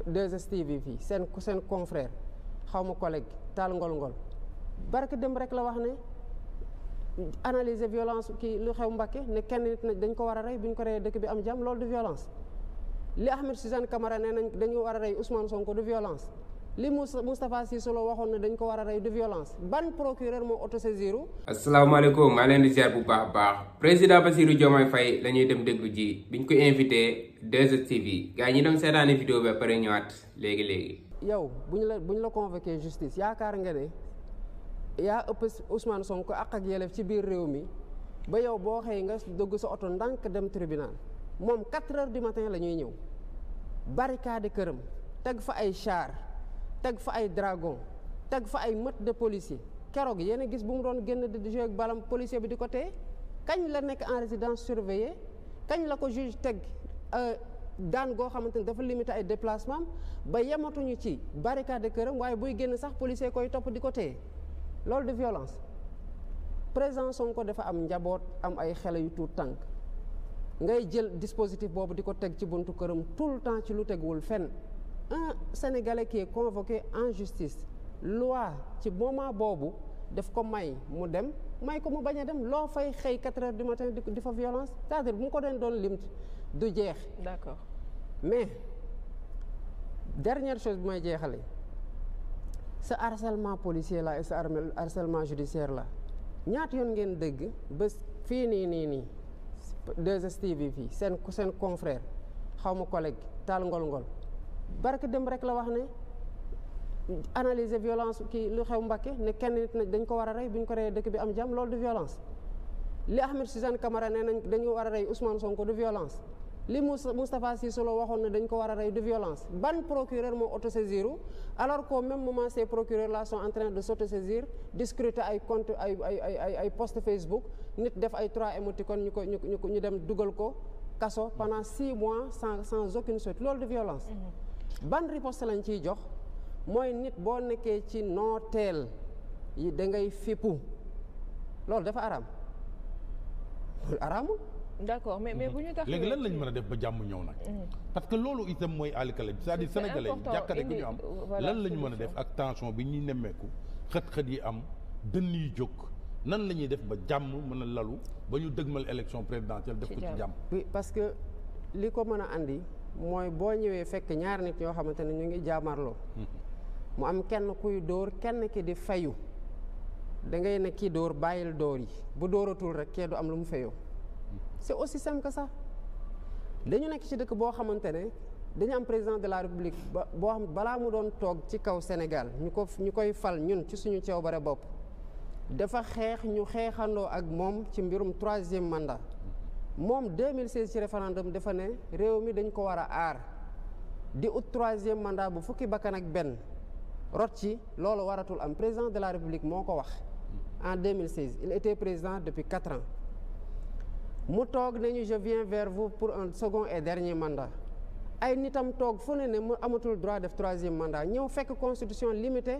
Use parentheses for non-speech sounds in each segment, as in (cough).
2STV fii seen seen confrère xawma ma collègue taal ngol-ngol barke dem rek la wax ne analyser violence kii lu xew Mbacké ne kenn nit na dañ ko war a rey bu ñu ko reyee dëkk bi am jàmm loolu du violence. li Ahmed Suzanne Camara nee nañ dañu war a rey Ousmane Sonko du violence li Moustapha Cissé Lo waxoon ne dañ ko wara ray de violence ban procureur mo auto saisiru assalamu asalaamaaleykum ma len di ziar bu baax baax president basirou Diomaye fay lañuy dem déglu ji biñ ko invité 2 tv gars ñi dem sétane vidéo ba paré ñëwaat légui légui yow buñ la buñ la convoquer justice yaakar nga né ya ëpp Ousmane Sonko ak ak yelef ci biir réew mi ba yow bo xey nga dugg sa auto ndank dem tribunal mom 4 h du matin lañuy ñëw barricade kërëm tag fa ay char tag fa ay dragon tag fa ay meute de policier kérok yéen gis bu mu doon génn de jeu ak balam policier bi di côté téye la nek en résidence surveillée kañ la ko juge teg euh, daan goo xamante ni dafa limiter ay déplacement ba yematuñu ci barricade keureum waye buy génn sax policier koy top di côté téye de violence président Sonko dafa am njabot am ay xale yu tuut tànk ngay jël dispositif bobu diko ko ci buntu keureum tout le temps ci lu teguwul fenn un sénégalais qui est convoqué en justice loi ci bon ma bobo ko may mu 4 h du matin de violence c'est-à-dire bu ko doon d'accord mais dernière chose je may dire, ce harcèlement policier et ce harcèlement judiciaire là ñaata yon confrère collègue barke dem rek la wax ne analyser violence qui lu xew Mbacké ne kenn nit na dañ ko wara ray buñ ko reyee dëkk bi am jam loolu du violence li Ahmed Suzanne Camara né nañ dañu wara ray Ousmane Sonko du violence li mustapha si solo waxone ne dañ ko wara ray de violence ban procureur auto autosaisir alors qu'au même moment ces procureurs là sont en train de s'auto saisir scruter ay compte ay ay ay ay post Facebook nit def ay trois émoticônes ñu ko ñu ñu dem duggal ko kaso pendant six mois sans sans aucune suite loolu de violence. Mm-hmm. ban riposte lañ ciy jox mooy nit boo nekkee ci nooteel yi da ngay fippu loolu dafa araam loolu araamul mais mais bu ñu tax léegi lan lañ mën a def ba jàmm ñëw nag mm-hmm. parce que loolu itam mooy àlkala bi c'est-à-dire sénégalais yi jàkkare gi ñu am euh, lan lañ mën a def ak tension bi ñuy nemmeeku xët-xët yi am dënn yi jóg nan la ñuy def ba jàmm mën a lalu ba ñu dëgmal élection présidentielle def ko ci jàmm oui parce que li ko mën a indi mooy boo ñëwee fekk ñaari nit ñoo xamante ne ñu ngi jaamarloo mu am kenn kuy dóor kenn ki di fayu da ngay ne kii dóor bàyyil dóor yi bu dóoratul rek kee du am lu mu fayoo c'est aussi simple que ça dañu nekk ci dëkk boo xamante ne dañu am président de la république ba boo xam balaa mu doon toog ci kaw Sénégal ñu ko ñu koy fal ñun ci suñu cewbare bopp dafa xeex ñu xeexandoo ak moom ci mbirum troisième mandat mom 2016 ci référendum dafa ne réew mi dañ ko wara a di ut troisième mandat bu fukki bakkan ak Ben, rot ci waratul am président de la république moko wax en 2016 il était président depuis quatre ans mu tok je viens vers vous pour un second et dernier mandat ay nitam tok fune ne mu amatul droit def troisième mandat fait fekk constitution limité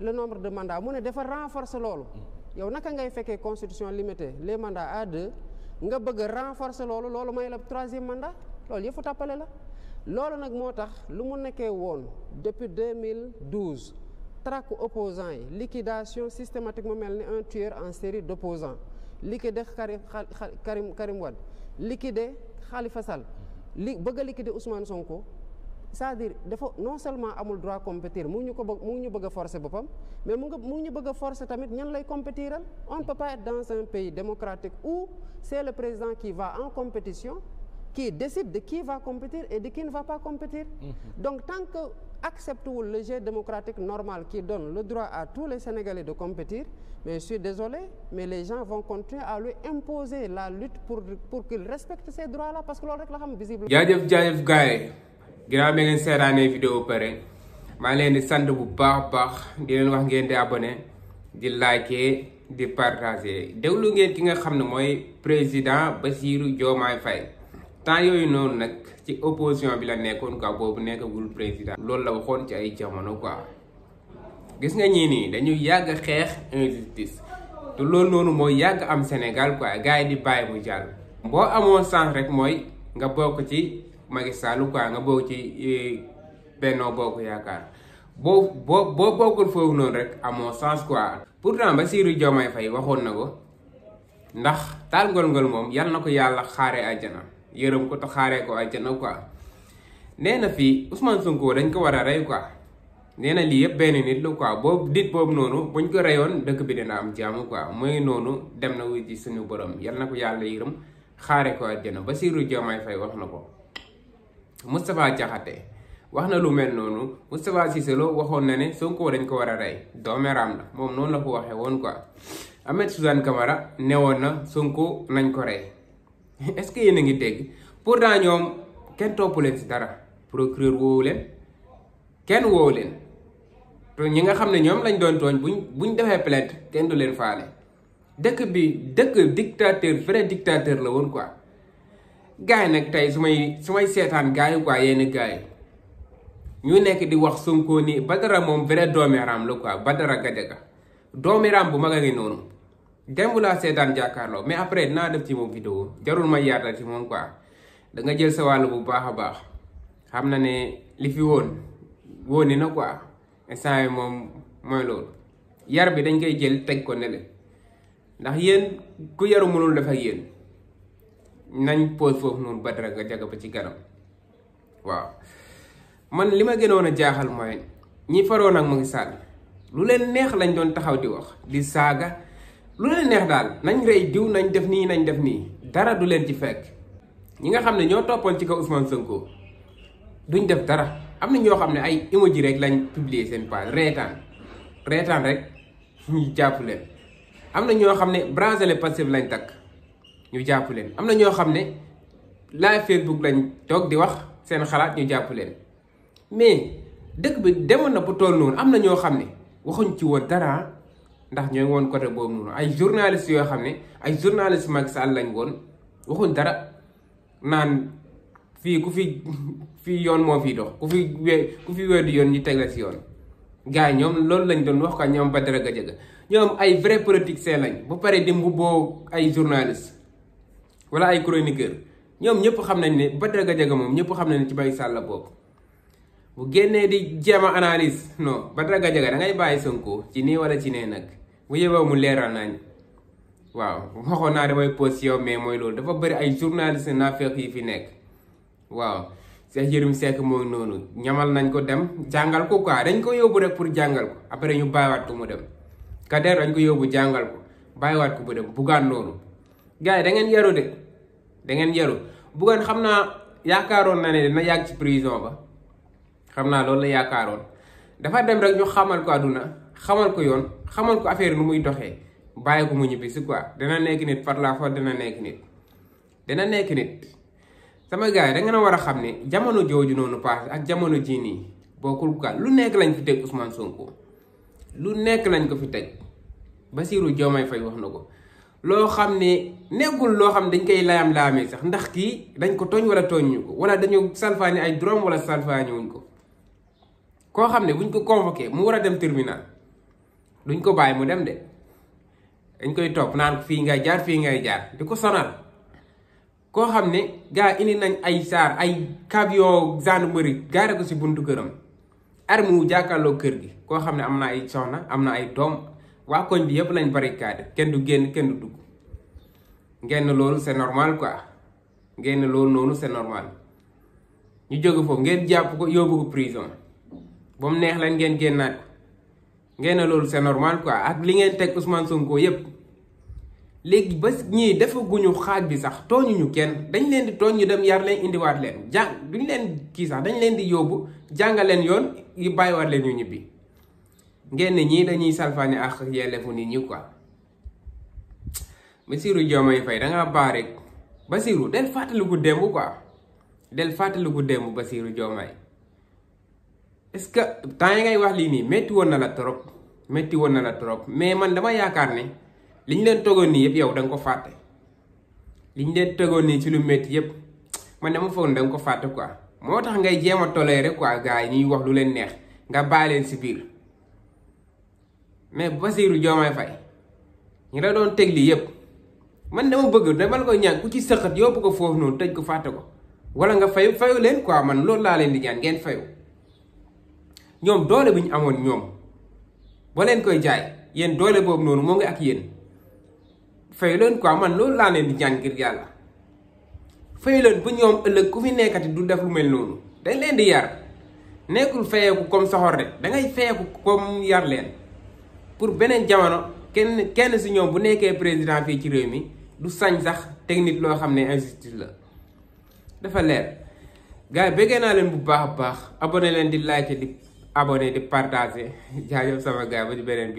le nombre de mandats mu ne dafa renforcer lolo yow naka ngay fekkee constitution limitée les mandats à deux nga bëgg renforcer loolu loolu may la troisième mandat loolu yëfu tàppale la loolu nag moo tax lu mu nekkee woon depuis 2012 traque opposants yi liquidation systématique mu mel ni un tueur en série d' opposants liquidé Karim Karim Karim Wade liquidé Khalifa Sall li bëgg a liquider Ousmane Sonko c'est-à-dire non seulement amul droit le droit de compétir, ko ne forcer mais il forcer on ne peut pas être dans un pays démocratique où c'est le président qui va en compétition qui décide de qui va compétir et de qui ne va pas compétir mm-hmm. donc tant que accepte le jeu démocratique normal qui donne le droit à tous les Sénégalais de compétir, mais je suis désolé, mais les gens vont continuer à lui imposer la lutte pour, pour qu'il respecte ces droits-là parce que l'on réclame visiblement. ginnaaw bi ngeen seetaanee vidéo pare maa ngi leen di sant bu baax baax di leen wax ngeen di abonné di like di partager déglu ngeen ki nga xam ne mooy président ba Bassirou Diomaye fay temps yooyu noonu nag ci opposition bi la nekkoon quoi boobu nekkagul président loolu la waxoon ci ay jamono quoi gis nga ñii dañuy yàgg xeex te loolu noonu mooy yàgg am Sénégal quoi gars yi di bàyyi mu jàll boo amoon sens rek mooy nga bokk ci Macky Sall quoi nga bokk ci eh, Benno Bokk Yaakaar boo boo boo bokkul foofu noonu rek amoo sens quoi. pourtant Bassirou Diomaye Faye waxoon na ko ndax taal ngol-ngol moom yal na ko yàlla xaaree àjjana yërëm ko te xaaree ko àjjana quoi nee na fii Ousmane Sonko dañ ko war a rey quoi. nee na lii yëpp benn nit la quoi boobu nit boobu noonu buñ ko reyoon dëkk bi dina am jàmm quoi mooy noonu dem na wuti suñu borom yal na ko yàlla yërëm xaare ko àjjana Bassirou Diomaye Faye wax na ko. Moustapha Diakhaté wax na lu mel noonu Moustapha Cissé Lo waxoon na ne Sonko dañ ko war a rey doomeram la moom noonu la ko waxee woon quoi Ahmed Suzanne Camara newoon na Sonko nañ ko rey (laughs) est-ce que yéen a ngi dégg pourtant ñoom kenn topp leen si dara procureur woowu leen kenn woowu leen te ñi nga xam ne ñoom lañ doon tooñ buñ buñ defee plainte kenn du leen faale dëkk bi dëkk dictateur vrai dictateur la woon quoi. gars yi nag tey su may su may seetaan gars yi quoi yenn gars yi ñu nekk di wax Sonko nii Badara moom vrai doomeeraam la quoi Badara Gadiaga doomeeraam bu mag a ngi noonu démb laa seetaan jàkkaarloo mais après naa def ci moom vidéo jarul ma yaatal ci moom quoi da nga jël sa wàll bu baax a baax xam na ne li fi woon wooni na quoi instant yi moom mooy loolu yar bi dañ koy jël teg ko ne le ndax yéen ku yaru mënul def ak yéen. nañ pause foofu noonu Badara nga jaga ba ci kanam waaw man li ma gën a jaaxal mooy ñi faroon ak ngi Sall lu leen neex lañ doon taxaw di wax di saaga lu leen neex daal nañ rey diw nañ def nii nañ def nii dara du leen ci fekk ñi nga xam ne ñoo toppoon ci kaw Ousmane Sonko duñ def dara am na ñoo xam ne ay emoji rek lañ publier seen page reetaan reetaan rek ñu jàpp leen am na ñoo xam ne bracelet Pastef lañ takk ñu jàpp leen am na ñoo xam ne live Facebook lañ toog di wax seen xalaat ñu jàpp leen mais dëkk bi demoon na bu toll noonu am na ñoo xam ne waxuñ ci woon dara ndax ñoo woon côté boobu noonu ay journaliste yoo xam ne ay journaliste Macky Sall lañ woon waxuñ dara naan fii ku fi fii yoon moo fi dox ku ku fi weddi yoon ñu teg la si yoon. gars yi ñoom loolu lañ doon wax ko ñoom ba gaje Gadiaga ñoom ay vrai politique seen lañ ba pare di mbubboo ay journaliste. wala ay chroniqueur ñoom ñëpp xam nañ ne Badara Gadiaga moom ñëpp xam nañ ne ci bay Sall la bu génnee di jéem a no non Badara Gadiaga da ngay bàyyi Sonko ci nii wala ci nee nag bu yeboo mu leeral nañ waaw waxoon naa damay post yow mais mooy loolu dafa bëri ay journaliste naafeq yi fi nekk waaw Cheikh Yérim Seck mooy noonu ñamal nañ ko dem jàngal ko quoi dañ ko yóbbu rek pour jàngal ko après ñu bàyyiwaat ko mu dem Kader dañ ko yóbbu jàngal ko bàyyiwaat ko mu dem gars yi da ngeen yaru de da ngeen yaru Bougane xam naa yaakaaroon na ne dina yàgg ci prison ba xam naa loolu la yaakaaroon dafa dem rek ñu xamal ko àdduna xamal ko yoon xamal ko affaire nu muy doxee bàyyi ko mu ñibbisi quoi dana nekk nit par la force dana nekk nit dana nekk nit sama gars yi da ngeen a war a xam ne jamono jooju noonu passé ak jamono jii nii bokkul quoi lu nekk lañ fi teg Ousmane Sonko lu nekk lañ ko fi teg Basirou Diomaye fay wax na ko loo xam ne nekkul loo xam ne dañ koy laam-laamee sax ndax kii dañ ko tooñ wala tooñ ñu wala dañu salfaani ay droit wala salfaani wuñ ko koo xam ne buñ ko convoqué mu war a dem tribunal duñ ko bàyyi mu dem de dañ koy topp naan fii ngay jaar fii ngay jaar di ko sonal koo xam ne gaa indi nañ ay saar ay camion gendarmerie gaare ko si buntu këram arme wu jàkkaarloo kër gi koo xam ne am na ay soxna am na ay doom waa koñ bi yëpp lañ barricade kenn du génn kenn du dugg ngeen loolu c'est normal quoi ngeen loolu noonu c'est normal ñu jóge foofu ngeen jàpp ko yóbbu ko prison ba mu neex leen ngeen génnaat ngeen loolu se normal quoi ak li ngeen teg Ousmane Sonko yëpp léegi ba ñii defaguñu xaaj bi sax ñu kenn dañ leen di tooñ ñu dem yar leen indiwaat leen jàng duñ leen kii sax dañ leen di yóbbu jàngal leen yoon yi bàyyiwaat leen ñu ñibbi. ngeen ñii dañuy salfaani ak yelleefu nit ñi quoi Bassirou Diomaye Faye da ngaa baax rek Bassirou del fàttaliku démb quoi del fàttaliku démb basiiru Diomaye est-ce que temps yi ngay wax lii nii métti woon na la trop métti woon na la trop mais man dama yaakaar ne li ñu leen toggoon nii yëpp yow danga ko fàtte li ñu leen toggoon nii ci lu métti yëpp man dama foog ne da ko fàtte quoi moo tax ngay jéem a toléré quoi gars yi ñuy wax lu leen neex nga bàyyi si biir. mais Bassirou Diomaye Faye ñu la doon teg lii yëpp man dama bëgg dama la koy ñaan ku ci sëqat yóbbu ko foofu noonu tëj ko fàtte ko wala nga fayu fayu leen quoi man loolu laa leen di ñaan ngeen fayu ñoom doole bi ñu amoon ñoom ba leen koy jaay yéen doole boobu noonu moo ngi ak yéen fayu leen quoi man loolu laa leen di ñaan ngir yàlla fayu leen ba ñoom ëllëg ku fi nekkati du def lu mel noonu dañ leen di yar nekkul fayeeku comme soxor rek dangay fayeeku comme yar leen pour beneen jamono kenn kenn si ñoom bu nekkee président fii ci réew mi du sañ sax technique loo xam ne injustice la dafa leer gars yi bëggee naa leen bu baax a baax abonné leen di like di abonné di partager (laughs) jaajëf sama gars ba ci beneen bi